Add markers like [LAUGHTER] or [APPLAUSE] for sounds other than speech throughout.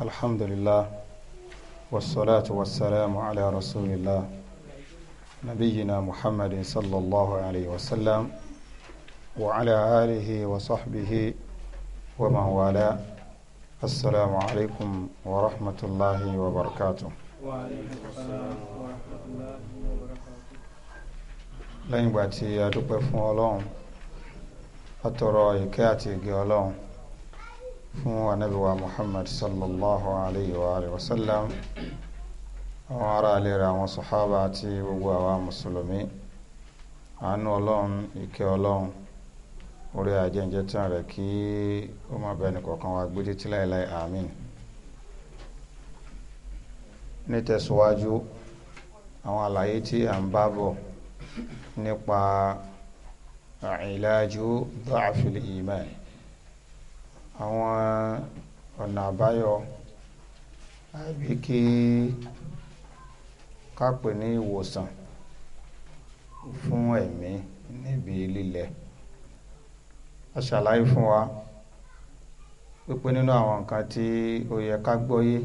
الحمد لله والصلاة والسلام على رسول الله نبينا محمد صلى الله عليه وسلم وعلى آله وصحبه ومن والاه السلام عليكم ورحمة الله وبركاته وعليكم السلام ورحمة الله وبركاته لن باتي أدوك فون ألون يكاتي ألون fún anabiwa muhammad sallallahu alayhi wa alayhi wa sallam àwọn ará ilé rẹ̀ àwọn sòhábà àti gbogbo àwa mùsùlùmí àánú ọlọ́run ìkẹ́ ọlọ́run orí ajẹ́njẹ́ tán rẹ̀ kí ó má bẹ́ẹ̀ nìkọ̀ọ̀kan wa gbé títí láìláì àmín nítẹ̀síwájú àwọn àlàyé tí à ń bá bọ̀ nípa ìlàjú dáàfil ìmánì àwọn ọ̀nà àbáyọ àbí kí ká pè ní ìwòsàn fún ẹ̀mí níbi lílẹ̀ a ṣàlàyé fún wa pípé nínú àwọn nǹkan tí ó yẹ ká gbọ́yé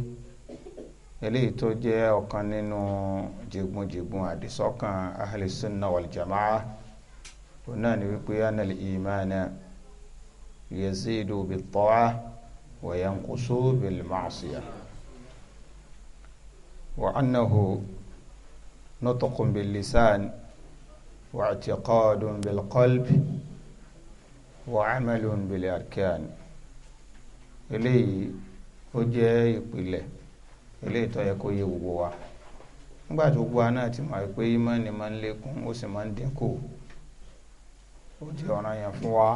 eléyìí tó jẹ́ ọ̀kan nínú jìgbùnjìgbùn àdìsọ́kàn ahli sunna wal òun náà ni wípé anal imana náà. yazidu bit-ta'ah wa yanqusu bil-ma'siyah wa annahu nutqun bil-lisan wa i'tiqadun bil-qalb wa 'amalun bil-arkan eléyìí ó jẹ́ ìpìlẹ̀ eléyìí tó yẹ kó yé gbogbo wa nígbà tó gbogbo wa náà ti mọ̀ pé ìmánì máa ń lékún ó sì máa ń dínkù ó jẹ́ ọ̀ranyàn fún wa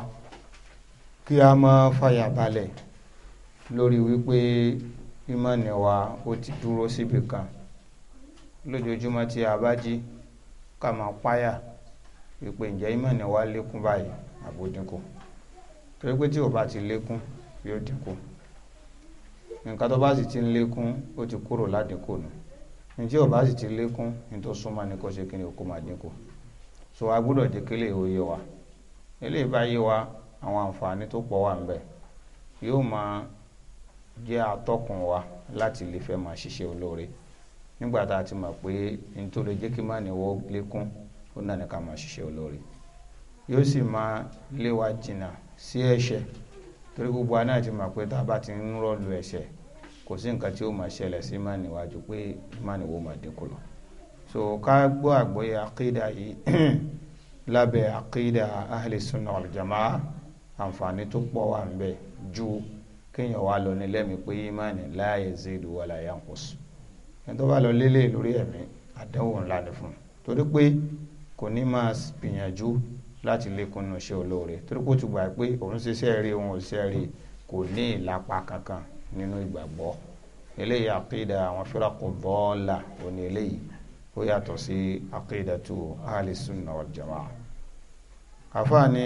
kí a máa fàyà balẹ̀ lórí wípé ìmọ̀nì wa ó ti dúró síbi kan lójoojúmọ́ tí a bá jí ká máa páyà wípé ǹjẹ́ ìmọ̀nì wa lékún báyìí àbó dínkù torí pé tí ò bá ti lékún yóò dínkù nǹkan tó bá sì ti ń lékún ó ti kúrò ládínkù nù ǹjẹ́ ò bá sì ti lékún ní tó súnmọ́ ní kó ṣe kí ni òkú máa dínkù so a gbọ́dọ̀ jẹ́ kí eléyìí ó wa eléyìí bá yé wa àwọn àǹfààní tó pọ̀ wà ń bẹ yóò máa jẹ́ atọ́kùn wa láti lè fẹ́ máa ṣiṣẹ́ olóore nígbà tá a ti mọ̀ pé n tó lè jẹ́ kí má níwọ́ lékún ó náà ní ká máa ṣiṣẹ́ olóore yóò sì máa lé wa jìnnà sí ẹ̀ṣẹ̀ torí gbogbo wa náà mọ̀ pé tá a bá ti ń rọ̀lù ẹ̀ṣẹ̀ kò sí nǹkan tí ó máa ṣẹlẹ̀ sí má níwájú pé má níwọ́ máa dínkù lọ so ká gbọ́ àgbọ́yé àkídà yìí [CLEARS THROAT] lábẹ́ àkídà ahli sunna wal àǹfààní tó pọ̀ wà ń bẹ ju kéèyàn wá lọ ní lẹ́mìí pé ìmánì la yazidu wala yanqus ẹni tó bá lọ lélẹ̀ lórí ẹ̀mí àdánwò ńlá ni fún un torí pé kò ní máa gbìyànjú láti lékún inú iṣẹ́ olóore torí pé ó ti gbà pé òun ṣiṣẹ́ rí òun ṣiṣẹ́ rí kò ní ìlapa kankan nínú ìgbàgbọ́ eléyìí àkídà àwọn fíràkù bọ́ọ̀là òní eléyìí ó yàtọ̀ sí àkídà tó ahli sunna wal jamaa àfáà ni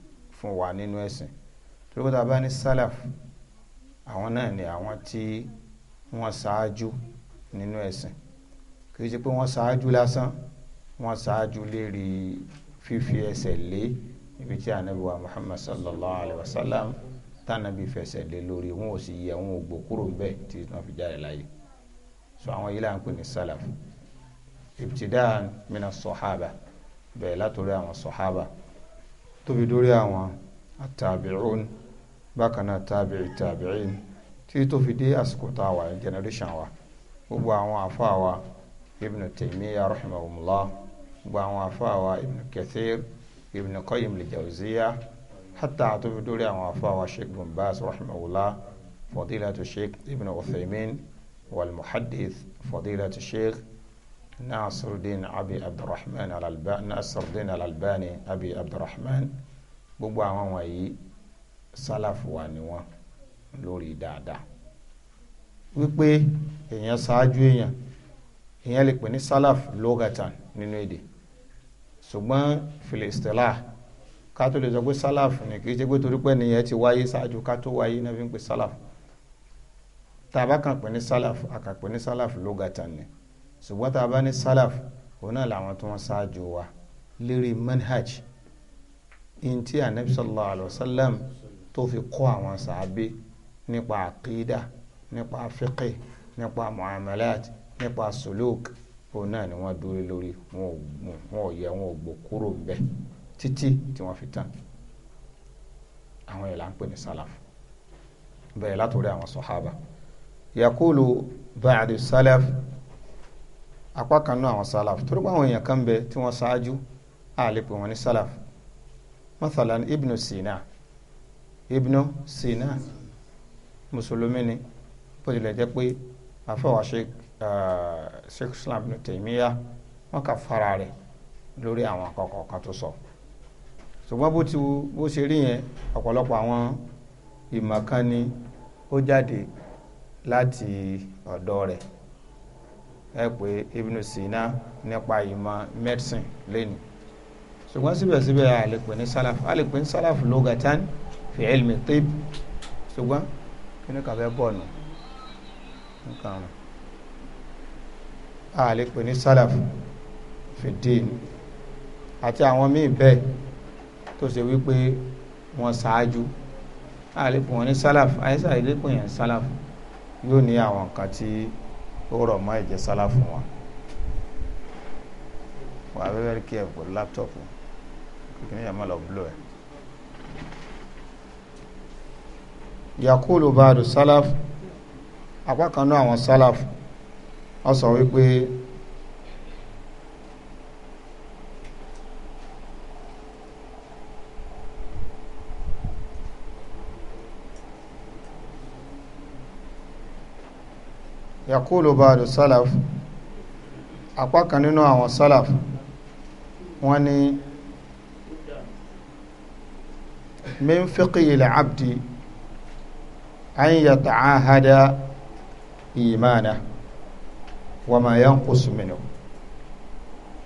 fún wa nínú ẹ̀sìn torí tá a bá ní salaf àwọn náà ni àwọn tí wọ́n ṣáájú nínú ẹ̀sìn kì í ṣe pé wọ́n ṣáájú lásán wọ́n ṣáájú lérí fífi ẹsẹ̀ lé ibi tí anabi muhammad sallallahu alayhi wa sallam tànàbí fẹsẹ̀ lé lórí wọn ò sì yẹ wọn ò gbó kúrò ń bẹ̀ tí wọ́n fi jáde láyé so àwọn yìí là ń pè ní salaf ibtidaan mina sọ̀hábà bẹ̀rẹ̀ látòrí àwọn sọ̀hábà. So, tóbi dórí àwọn àtàbíún bákan náà tàbí tàbíìn tí tó fi dé àsìkò tá a wà generation wa gbogbo àwọn àfáà wa ibn taymiya rahimahumullah gbogbo àwọn àfáà wa ibn kathir ibn qayyim al-jawziya hatta tó fi dórí àwọn àfáà wa sheikh bin baz rahimahullah fadilatu sheikh ibn uthaymin wal muhaddith fadilatu sheikh nasirudin abi abdulrahman alalbani nasirudin alalbani abi abdulrahman gbogbo àwọn wọ̀nyí sálàfù wa ni wọ́n lórí dáadáa wípé èèyàn ṣáájú èèyàn èèyàn lè pè ní sálàf lógatan nínú èdè ṣùgbọ́n filistela ká tó lè sọ pé sálàf ni kì í ṣe pé torí pé nìyẹn ti wáyé ṣáájú ká tó wáyé náà fi ń pè sálàf tá a bá kàn pè ní sálàf a kàn pè ní sálàf lógatan ni ṣùgbọ́n tá a bá ní salaf òun náà làwọn tó wọ́n ṣáájú wa lérí manhaj ntí anabi sallallahu alayhi wa sallam tó fi kọ́ àwọn sàábé nípa àkídà nípa fiqh nípa muamalat nípa suluk òun náà ni wọ́n dúró lórí wọn ò yẹ wọn ò gbò kúrò bẹ́ẹ̀ títí tí wọ́n fi tán àwọn yẹn là ń pè ní salaf bẹ́ẹ̀ látòrí àwọn sọ̀hábà yakulu ba'du salaf apá kan náà àwọn salaf torí pé àwọn èèyàn kan bẹ tí wọ́n ṣáájú àlè pé wọ́n ní salaf mathalan ibnu sina ibnu sina mùsùlùmí ni bó tilẹ̀ jẹ́ pé àfọwà sheikh sheikh islam ibn taymiya wọ́n kà fara rẹ̀ lórí àwọn àkọ́kọ́ kan tó sọ ṣùgbọ́n bó ti bó ṣe rí yẹn ọ̀pọ̀lọpọ̀ àwọn ìmọ̀ kan ni ó jáde láti ọ̀dọ̀ rẹ̀ ẹ pé Ibn Sina nípa ìmọ̀ medicine lẹ́nu ṣùgbọ́n síbẹ̀síbẹ̀ a lè pè ní salaf a lè pè ní salaf lugatan fi ilmi tib ṣùgbọ́n kí ni kàfẹ́ bọ̀ nù nǹkan a lè pè ní salaf fi din àti àwọn míì bẹ́ẹ̀ tó ṣe wípé wọ́n ṣáájú a lè pè wọ́n ní salaf àyíṣà ilé pè yẹn salaf yóò ní àwọn nǹkan tí ó rọ̀ mọ́ ìjẹ́ sálá fún wa wà á very careful pẹ̀lú láptọ̀pù kìkìní yàrá lọ blow ẹ̀. yakulu baadu salaf apá kan náà àwọn salaf wọ́n sọ wípé. yakulu baadu salaf apá kan nínú àwọn salaf wọ́n ní min fiqhi al-abdi an yata'ahada imana wa ma yanqus minhu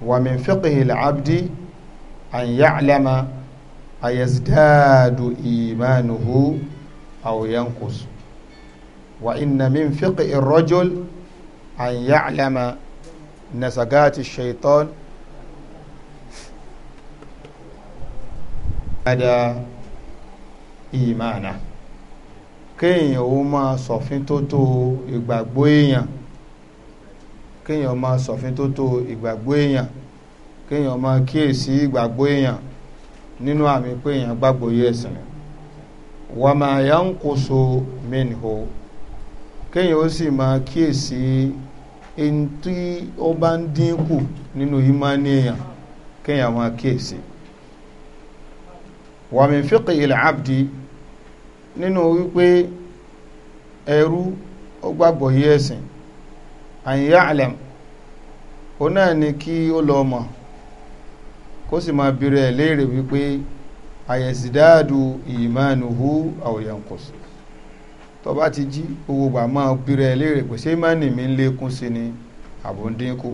wa min fiqhi al an ya'lama ayazdaadu imanuhu aw yanqus wa inna min fiqi rajul an ya'lama nasagati shaitan ada imana kéèyàn ó máa sọ̀fin tó tó ìgbàgbọ́ èèyàn kéèyàn máa sọ̀fin tó tó ìgbàgbọ́ èèyàn kéèyàn máa kíyèsí ìgbàgbọ́ èèyàn nínú àmì pé èèyàn gbàgbọ́ yé ẹ̀sìn wa ma yanqusu minhu kéèyàn ó sì máa kíyèsí ẹni tí ó bá ń dínkù nínú ìmánì èèyàn kéèyàn máa kíyèsí abdi nínú wípé ẹrú ó gbàgbọ́ yí ẹ̀sìn an ya'lam ó náà ni kí ó lọ mọ̀ kó sì máa bèrè ẹ̀ léèrè wípé hu ìmánuhu aw tó bá ti jí owó gbà máa bírẹ̀ léèrè pé ṣé mánì mi ń lékún sí ni àbò ń dínkù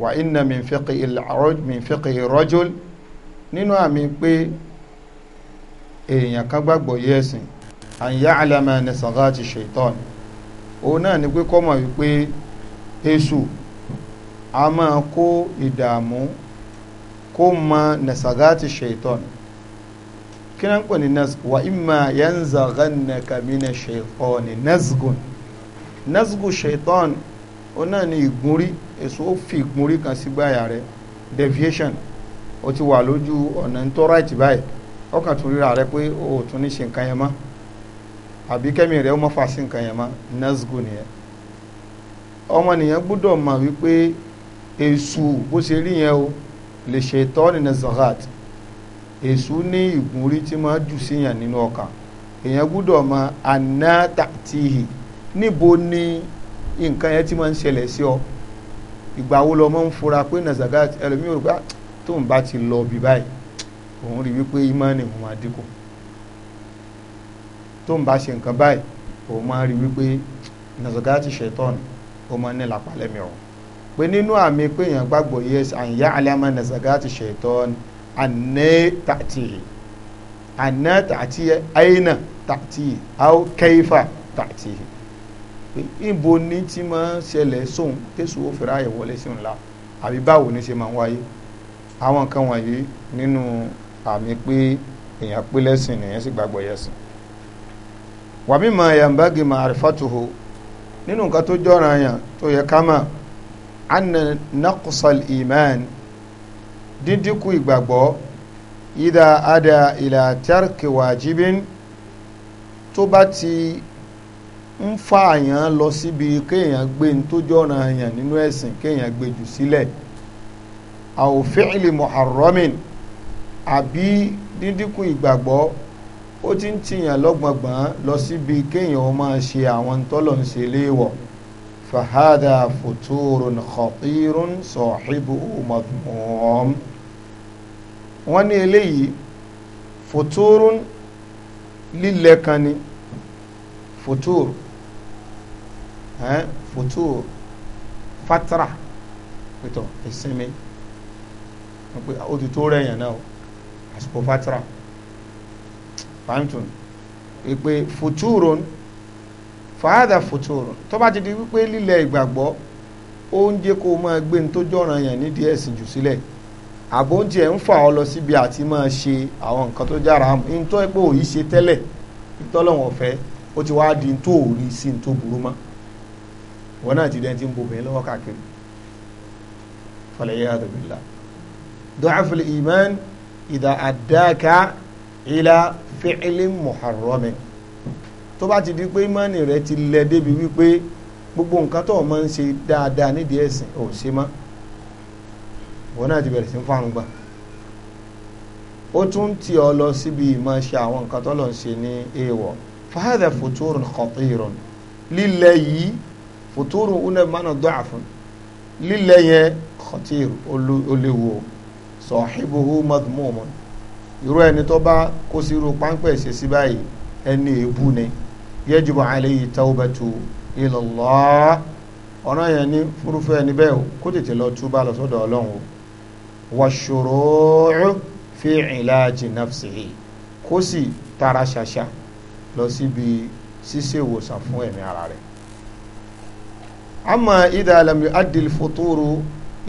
wà inna min fiqhi min fiqhi nínú àmì pé èèyàn kan gbàgbọ́ yé ẹ̀sìn an ya'lama nasaghati shaitan òun náà ni pé kọ́mọ̀ wípé èṣù a máa kó ìdààmú kó mọ nasaghati shaitan kí náà ń pè ní nasg wa imma yanzaghannaka mina shaytani nasgun nasgu shaytan ó náà ní ìgúnrí èso ó fi ìgúnrí kan sí gbáyà rẹ deviation ó ti wà lójú ọ̀nà ń tọ́ right báyìí ọkàn tún ríra rẹ pé o ò tún ní ṣe nǹkan yẹn mọ́ àbí kẹ́mi rẹ̀ ó mọ́ fà sí nǹkan yẹn mọ́ nasgu nìyẹn ọmọnìyàn mọ̀ wípé èṣù bó ṣe rí yẹn o lè ṣe tọ́ nínú zagat èṣù ní ìgúnrí tí máa jù síyàn nínú ọkàn èèyàn gbúdọ̀ mọ anátàtìhì níbo ni nǹkan yẹn ti máa ń ṣẹlẹ̀ sí ọ ìgbà wo lọ máa ń fura pé nazagat ẹlòmíràn rò pé ah, tó ń bá ti lọ bí báyìí òun rí wípé ìmánì òun máa dínkù tó ń bá ṣe nǹkan báyìí òun máa rí wípé nazagat ṣaitan ó máa ń ní pé nínú àmì pé èèyàn gbàgbọ́ yes àyà alámà nazagat ṣaitan ni anna ta'tihi anna ta'tihi aina ta'tihi aw kaifa ta'tihi ibo ni tí máa ṣẹlẹ̀ sóhun tẹ̀sù ó fẹ́ra ẹ̀ wọlé sí ńlá àbí báwo ni ṣe máa ń wáyé àwọn nǹkan wọ̀nyí nínú àmì pé èèyàn pé lẹ́sìn nìyẹn sì gbàgbọ́ yẹsìn wà mímọ yambagi ma'rifatuhu nínú nǹkan tó jọra yàn tó yẹ ká anna naqsal iman dídínkù ìgbàgbọ́ ìdá adà ìlà tẹ́rkì wàjíbín tó bá ti ń fa àyàn lọ síbi kéèyàn gbé ní tó jọ́ra àyàn nínú ẹ̀sìn kéèyàn gbé jù sílẹ̀ aw fi'li muharramin àbí dídínkù ìgbàgbọ́ ó ti ń tiyàn lọ́gbọ̀ngbọ̀n lọ síbi kéèyàn máa ṣe àwọn tọ́lọ̀ ń ṣe léèwọ̀ fahada futurun khatirun sahibu madmum. wọ́n ní eléyìí fòtórún lílẹ̀ kan ni fòtór fòtór fatara pẹ̀tọ̀ ìsinmi ó ti tó rẹ̀ náà àsìkò fatara pàǹtùn ìpè fòtórún fàádà fòtórún tó bá ti di wípé lílẹ̀ ìgbàgbọ́ oúnjẹ kó máa gbé ní tó jọ̀ràn yàn nídìí ẹ̀sìn jù sílẹ̀ àbóǹtì ẹ̀ ń fà ọ́ lọ síbi àti máa ṣe àwọn nǹkan tó jára mu ní tó pé òyì ṣe tẹ́lẹ̀ ìtọ́lọ́wọ̀n ọ̀fẹ́ ó ti wá di tó òrí sí tó burú mọ́ wọn náà ti dẹ́n ti ń bo bẹ́ẹ̀ lọ́wọ́ káàkiri falayatu billah du'aful iman idha addaka ila fi'lin muharramin tó bá ti di pé ìmánì rẹ ti lẹ débi wípé gbogbo nǹkan tó o máa ń ṣe dáadáa nídìí ẹ̀sìn ò wọn náà ti bẹ̀rẹ̀ sí fáwọn gbà ó tún ti ọ lọ síbi ìmọ̀ ṣe àwọn nǹkan tó lọ ń ṣe ní èèwọ̀ fahadà futurun khatirun lílẹ̀ yìí futurun unẹ̀ mánà dọ́àfún lílẹ̀ yẹn khatir oléwu sọ̀híbuhu madmumun irú ẹni tó bá kó sí páńpẹ́ ṣe sí báyìí ẹni èébú ni yajibu alayhi tawbatu ilallah ọ̀nà yẹn ní fúrúfú ẹni bẹ́ẹ̀ kó tètè lọ túbà lọ sọ́dọ̀ ọlọ́run o wàṣùrọ̀ọ́rọ̀ fi ìlàjì nafsihi kó sì tara ṣàṣà lọ síbi ṣíṣe ìwòsàn fún ẹ̀mí ara rẹ̀ ama idha lam yu'addi al-futuru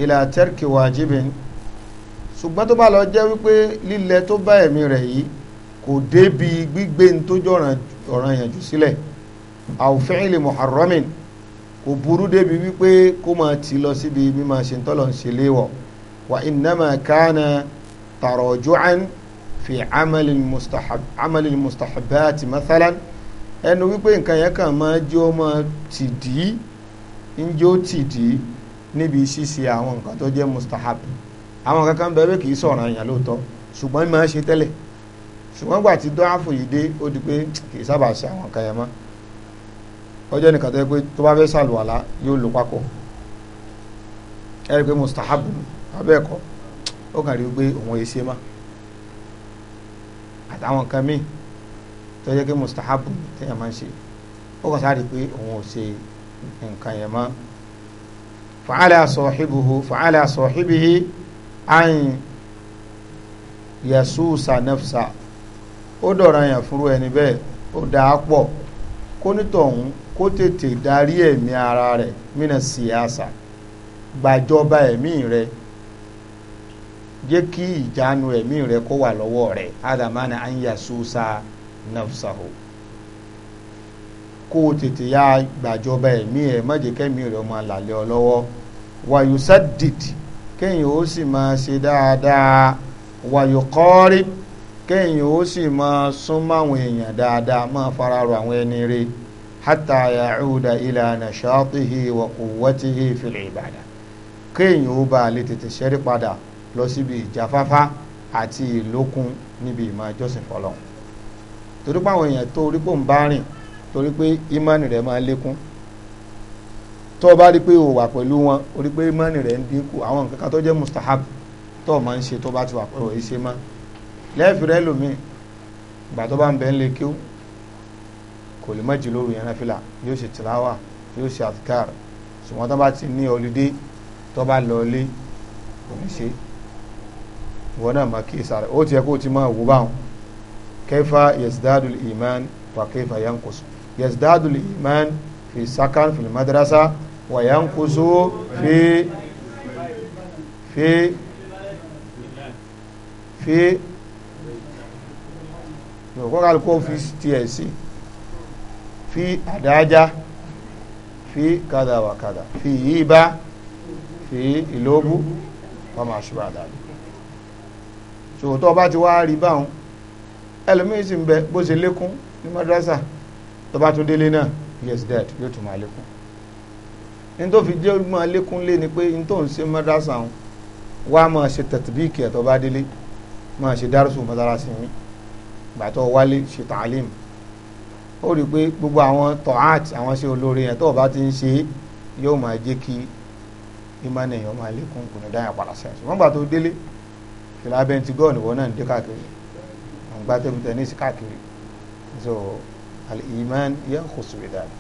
ila tarki wajibin ṣùgbọ́n tó bá lọ jẹ́ wípé lílẹ̀ tó bá ẹ̀mí rẹ̀ yìí kò débi gbígbé ní tó jọ ọ̀ràn yànjú sílẹ̀ aw fi'li kò burú débi wípé kó máa ti lọ síbi mímọ̀ ṣe ń tọ́lọ̀ ń ṣe léwọ̀ وإنما كان تراجعا في عمل المستحب عمل المستحبات مثلا ẹnu wípé nǹkan yẹn kàn máa jẹ́ ó máa tì dí ń jẹ́ ó tì dí níbi ṣíṣe àwọn nǹkan tó jẹ́ mustahab àwọn kankan bẹ́ẹ̀ kì í sọ̀rọ̀ àyàn lóòótọ́ ṣùgbọ́n máa ṣe tẹ́lẹ̀ ṣùgbọ́n gbà tí dọ́àfù yìí dé ó di pé kì í sábà ṣe àwọn nǹkan yẹn mọ́ ọjọ́ nìkan tó yẹ pé tó bá fẹ́ ṣàlùwàlá yóò lò pákó ẹ rí i pé mustahab ni abẹ́ẹ̀kọ́ ó kàn rí pé òun èsì mà àtàwọn nǹkan míì tó yẹ kí mustahabu téèyàn máa ń ṣe ó kàn sáré pé òun ò ṣe nǹkan yẹn mọ́ fa'ala sahibuhu fa'ala sahibihi an yasusa nafsa ó dọ̀rọ̀ yàn fúnrú ẹni bẹ́ẹ̀ ó dáa pọ̀ kó nítọ̀hún kó tètè darí ẹ̀mí ara rẹ̀ mí náà síyáàsà gbàjọba ẹ̀mí rẹ̀ jẹ́ kí ìjánu ẹ̀mí rẹ kó wà lọ́wọ́ rẹ adamana anya susa nafsahu kó o tètè yá gbàjọba ẹ̀mí ẹ̀ má jẹ́ kẹ́mi rẹ máa làlẹ́ ọ lọ́wọ́ wayusaddid kéèyàn ó sì máa ṣe dáadáa wayuqarib kéèyàn ó sì máa súnmọ́ àwọn èèyàn dáadáa máa fara rọ àwọn ẹni rí hatta ya'uda ila nashatihi wa quwwatihi fil ibada kéèyàn ó bá lè tètè ṣẹ́rí padà lọ síbi ìjáfáfá àti ìlókun níbi ìmọ̀ ìjọsìn fọlọ́n torí pé àwọn èèyàn tó orí pò ń bá rìn torí pé ìmọ̀nì rẹ̀ máa lékún tó o bá rí pé o wà pẹ̀lú wọn o rí pé ìmọ̀nì rẹ̀ ń dínkù àwọn nǹkan kan tó jẹ́ mustahab tó o máa ń ṣe tó bá ti wà pẹ̀lú òye ṣe mọ́ lẹ́ẹ̀fì rẹ lòmíì ìgbà tó bá ń bẹ ń lé kí ó kò lè mọ́jì lóru yẹn náfìlà yóò ṣe tìláwà yóò ṣe àtikár ṣùgbọ́n tó bá ti ní ọlídé tó bá lọ ilé kò ní ṣe é wọn náà máa kíyèsí ara ó ti yẹ kó o ti máa wò báwọn kẹfà yẹsídádù ìmán wà kẹfà yankoso yẹsídádù ìmán fi sakan fi madrasa wà yankoso fi fi fi kọ́kàlù kó fi tiẹ̀ sí fi àdájá fi kádà fi yíba fi ìlóbù wà máa ṣubú àdájá sòwòtọ́ bá ti wá rí báwọn ẹlòmíín sì ń bẹ bó ṣe lékún ní madrasa tó bá tún délé náà yes dad yóò tún máa lékún ní tó fi jẹ́ máa lékún lé ni pé ní tó ń ṣe madrasa wọn wá máa ṣe tẹ̀tìbíìkì ẹ̀ tó bá délé máa ṣe dárúsù madrasa yìí gbàtọ́ wálé ṣe tàlímù ó rí i pé gbogbo àwọn tọ́hát àwọn ṣe olóore yẹn tó o bá ti ń ṣe yóò máa jẹ́ kí ìmánìyàn máa lékún kò ní dáhùn padà sẹ́yìn ṣùgbọ́n gbà tó délé fìlà bẹntigọ́ọ̀nù wọn náà ń dé káàkiri àwọn gbá tẹ́bù tẹ́nísì káàkiri so al-iman yanqusu bidhalik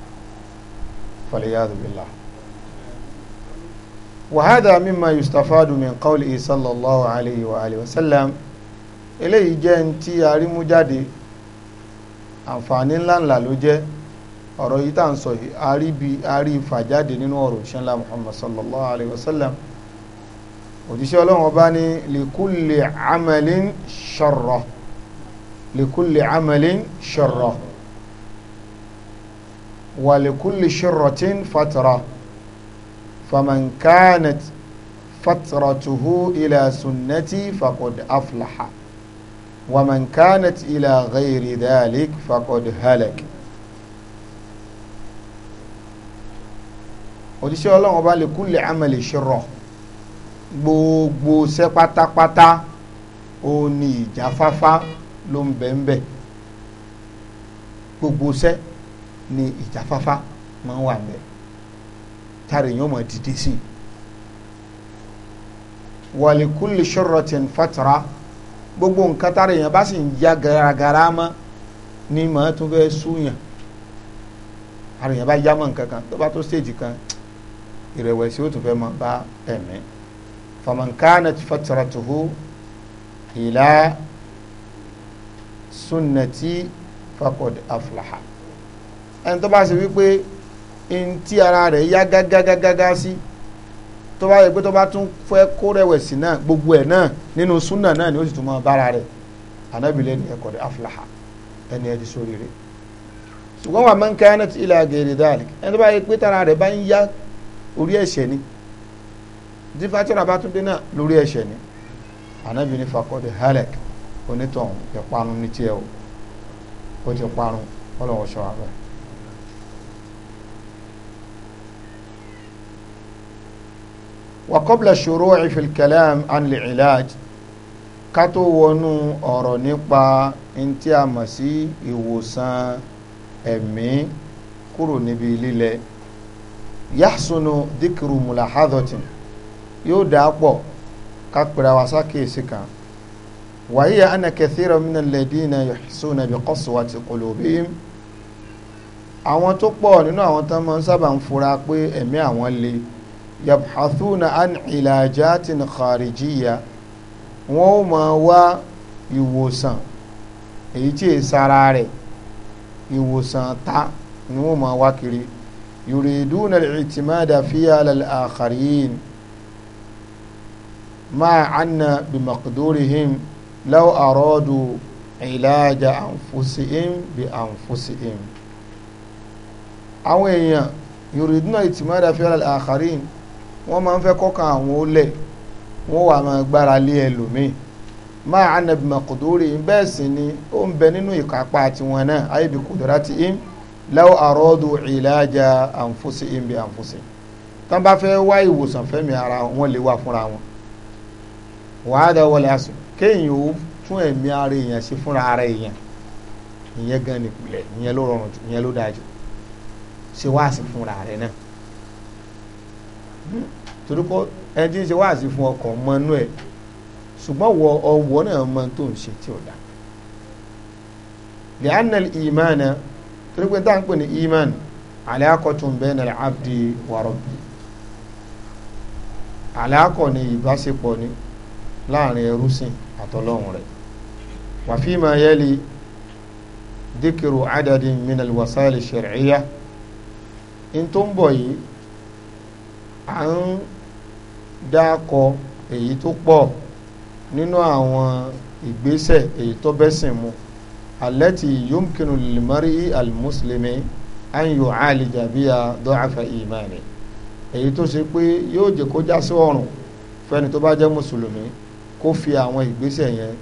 faliyadu billah wa hadha mimma yustafadu min qawlihi sallallahu alayhi wa alihi wa sallam eléyìí jẹ́ ń tí arímújáde àǹfààní ńláńlá ló jẹ́ ọ̀rọ̀ yìí tá à ń sọ yìí arí bí arí ìfàjáde nínú ọ̀rọ̀ ìṣẹ́ńlá muhammad sallallahu alayhi wa sallam òjíṣẹ́ ọlọ́run ọba ní likulli amalin sharra likulli amalin sharra wa likulli sharratin fatra faman kanat fatratuhu ila sunnati faqad aflaha wa man kanat ila ghayri dhalik faqad halak òjíṣẹ́ ọlọ́run ọba likulli amalin sharra gbogbo ṣẹ́ pátápátá ó ní ìjáfáfá ló ń bẹ ń bẹ gbogbo ṣẹ́ ní ìjáfáfá máa ń wà ń bẹ tára èèyàn mọ̀ dìde sí i wàlíkúlì ṣọ́rọ̀tìn fatara gbogbo nǹkan tára èèyàn bá sì ń ya garagara mọ́ ni màá tún fẹ́ súyàn àrùn yẹn bá yá mọ́ nǹkan kan tó bá tó stéèjì kan ìrẹ̀wẹ̀sì ó tún fẹ́ mọ́ bá ẹ̀mí. E فمن كانت فترته إلى sunnati فقد أفلح. ẹni tó bá ṣe wípé n tí ara rẹ̀ yá gágágágá sí tó bá yẹ pé tó bá tún fẹ́ kó rẹ̀wẹ̀sì náà gbogbo ẹ̀ náà nínú súnà náà ni ó sì tún mọ bára rẹ̀ anábìlẹ̀ ni ẹ̀kọ́ aflaha ẹni ẹ̀ ti sórí rẹ̀ ṣùgbọ́n wà man kanat ila ghairi dhalik ẹni tó bá yẹ pé tara rẹ̀ bá ń yá orí ẹ̀ṣẹ̀ ni tí fàtírà bá tún dé náà lórí ẹ̀ṣẹ̀ ni ànábì ní fakọ́dé halek onítọ̀hún ìparun ní tiẹ̀ o ó ti parun ọlọ́wọ́ sọ àbẹ̀. وقبل الشروع في الكلام عن العلاج ká tó wọnú ọ̀rọ̀ nípa ntí a mọ̀ sí ìwòsàn ẹ̀mí kúrò níbi lílẹ̀ yahsunu dhikru mulahadotin yóò dà á pọ̀ ká pèrè àwọn sákèésí kan wàyí àna kathiran min alladina yuhsuna bi qaswati qulubihim àwọn tó pọ̀ nínú àwọn tán máa ń sábà ń fura pé ẹ̀mí àwọn le yabhathuna an ilajatin kharijiya wọ́n ó máa wá ìwòsàn èyí tí è sara rẹ̀ ìwòsàn ta ni wọ́n máa wá kiri yuriduna al-i'timada fiya ala al-akharin ما عنا بمقدورهم لو أرادوا علاج أنفسهم بأنفسهم. ànfusihim àwọn èèyàn yorùdúnà ìtìmọ́ra fẹ́ràn àkàrín wọ́n máa ń fẹ́ kọ́kàn àwọn olè wọ́n wà máa gbára lé ẹlòmíì máa ànàbì mọ̀kòdórì bẹ́ẹ̀ sì ni ó ń bẹ nínú ìkápá tiwọn náà ayébi kòdòrá ti im láwọ àrọ́dù ìlàjà ànfusihim bi ànfusihim tán bá fẹ́ wá ìwòsàn fẹ́mi ara wọn lè wà fúnra wọn wàhádà wọlé àṣù kéèyàn ó tún ẹ̀mí ara èèyàn ṣe fúnra ara èèyàn ìyẹn gan ni ìpìlẹ̀ ìyẹn ló rọrùn jù ìyẹn ló dáa jù ṣe wáàsí fúnra rẹ náà torí kọ́ ẹni tí ń ṣe wáàsí fún ọkọ̀ mọ́nú ẹ̀ ṣùgbọ́n wọ ọwọ́ náà mọ tó ń ṣe tí ò dáa li'anal ìmánà torí pé táà ń pè ní ìmán aláàkọ̀tún bẹ́ẹ̀ náà abdi wa rabbi aláàkọ̀ ni ìbáṣepọ̀ ni láàrin ẹrúsìn àtọlọ́hun rẹ̀ wàfíìmà yẹ́lì díkìrù adadin minal wasaili shar'iyya in tó ń bọ̀ yìí à ń dákọ èyí tó pọ̀ nínú àwọn ìgbésẹ̀ èyí tó bẹ́sìn mu alẹ́tì yomkinu limari almuslimi an yu'alija biya du'afa imani èyí tó ṣe pé yóò jẹ́ kó já sí fẹ́ni tó bá jẹ́ mùsùlùmí kó fi àwọn ìgbésẹ̀ yẹn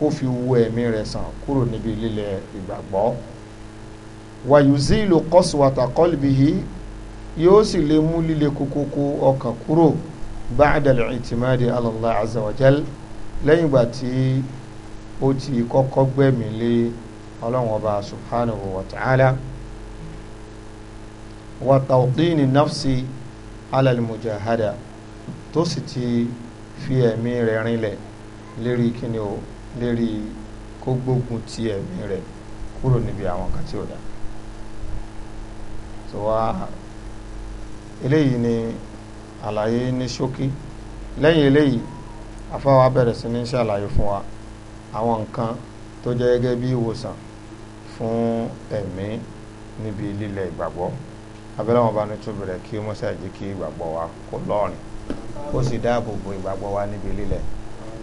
kó fi wú ẹ̀mí rẹ̀ sàn kúrò níbi lílẹ̀ ìgbàgbọ́ wàyùzílù kọ́sùwàtà kọ́lìbìhì yóò sì lè mú líle kókókó ọkàn kúrò báàdàlẹ̀ ìtìmáàdì alàlá àzàwàjẹ́l lẹ́yìn ìgbà tí ó ti kọ́kọ́ gbẹ̀mí lé ọlọ́run ọba subhanahu wa ta'ala wa tawqini nafsi alal tó sì ti fi ẹ̀mí rẹ̀ rinlẹ̀ lérí kíni o lérí kó gbógun ti ẹ̀mí rẹ̀ kúrò níbi àwọn kan tí ò dá tó wá eléyìí ni àlàyé ní ṣókí lẹ́yìn eléyìí afáwa bẹ̀rẹ̀ sí ní ṣàlàyé fún wa àwọn nǹkan tó jẹ́ gẹ́gẹ́ bí ìwòsàn fún ẹ̀mí níbi lílẹ̀ ìgbàgbọ́ abẹ́rẹ́ wọn bá ní tó bẹ̀rẹ̀ kí mọ́ṣáàjì kí ìgbàgbọ́ wa kó lọ́rìn ó sì dáàbò bo ìgbàgbọ́ wa níbi lílẹ̀